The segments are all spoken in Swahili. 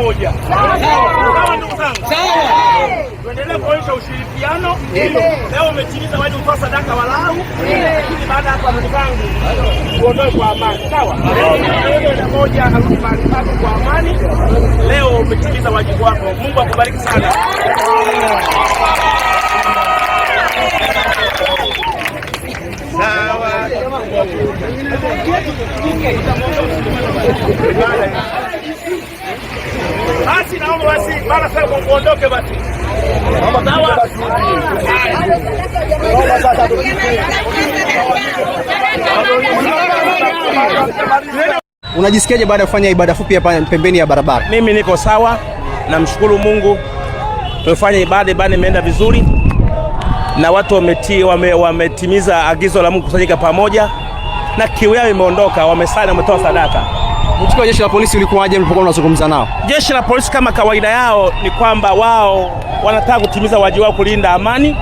mmoja. tuendelee kuonyesha ushirikiano. Leo umetimiza waje sadaka walau, lakini baada ya zangu uondoe kwa amani. Sawa moja, arudi mahali pake kwa amani. Leo umetimiza wajibu wako. Mungu akubariki sana. Sawa basi, sasa muondoke basi. Unajisikiaje baada ya kufanya ibada fupi hapa pembeni ya barabara? Mimi niko sawa, namshukuru Mungu. Tumefanya ibada, ibada imeenda vizuri na watu wameti, wame, wametimiza agizo la Mungu kusanyika pamoja na kiu yao imeondoka, wamesali na wametoa sadaka. Mchukua jeshi la polisi, ulikuwaje mlipokuwa unazungumza nao? Jeshi la polisi kama kawaida yao ni kwamba wao wanataka kutimiza wajibu wao kulinda amani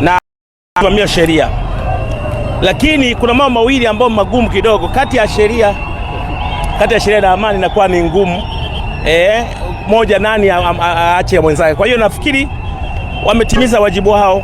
na kusimamia sheria, lakini kuna mambo mawili ambayo magumu kidogo kati ya sheria kati ya sheria na amani inakuwa ni ngumu e, moja nani aache mwenzake. Kwa hiyo nafikiri wametimiza wajibu wao.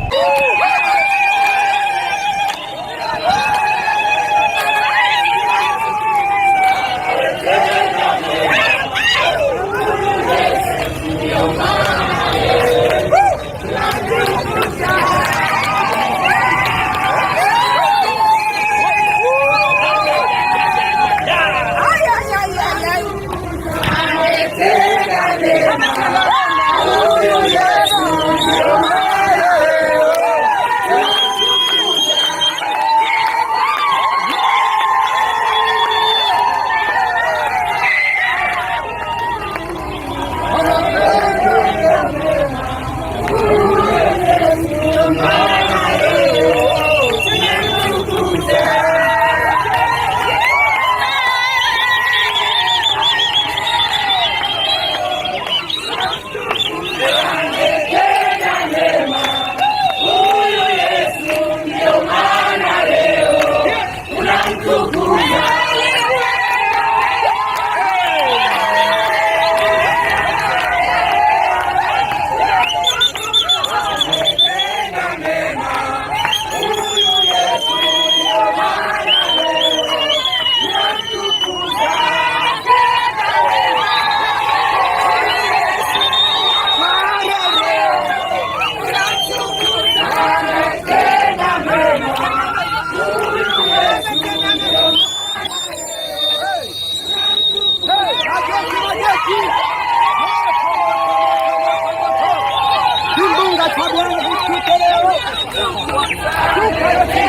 Amen.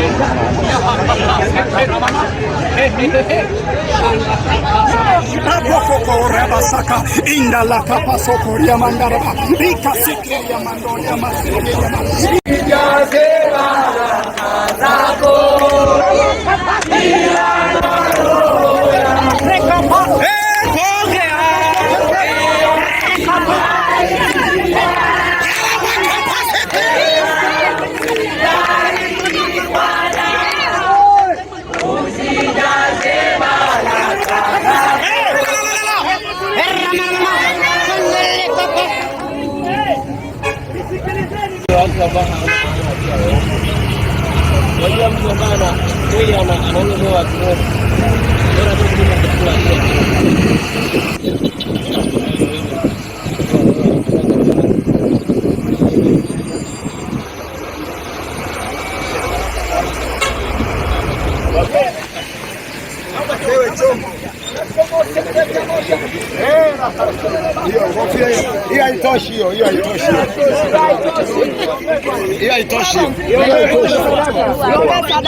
Ijaze baraka zako Wajua bana mwili anaongezewa kidogo, bora tu kunywa chakula Hiyo haitoshi, hiyo hiyo haitoshi, hiyo haitoshi.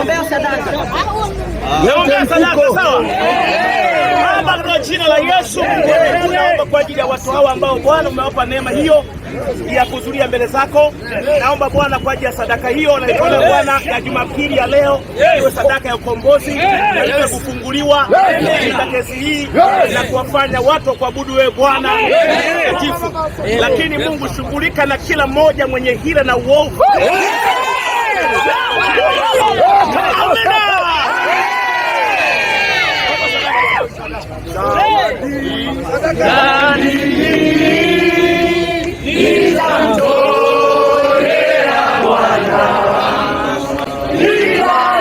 Ombea sadaka sawa. Baba, kwa jina la Yesu, kwa ajili ya watu hawa ambao Bwana umewapa neema hiyo ya kuzulia mbele zako. Naomba Bwana kwa ajili ya sadaka hiyo na ikono Bwana ya Jumapili ya leo iwe sadaka ya ukombozi na iwe kufunguliwa katika kesi hii na kuwafanya watu kuabudu wewe Bwana mtakatifu. Lakini Mungu, shughulika na kila mmoja mwenye hila na uovu Viva!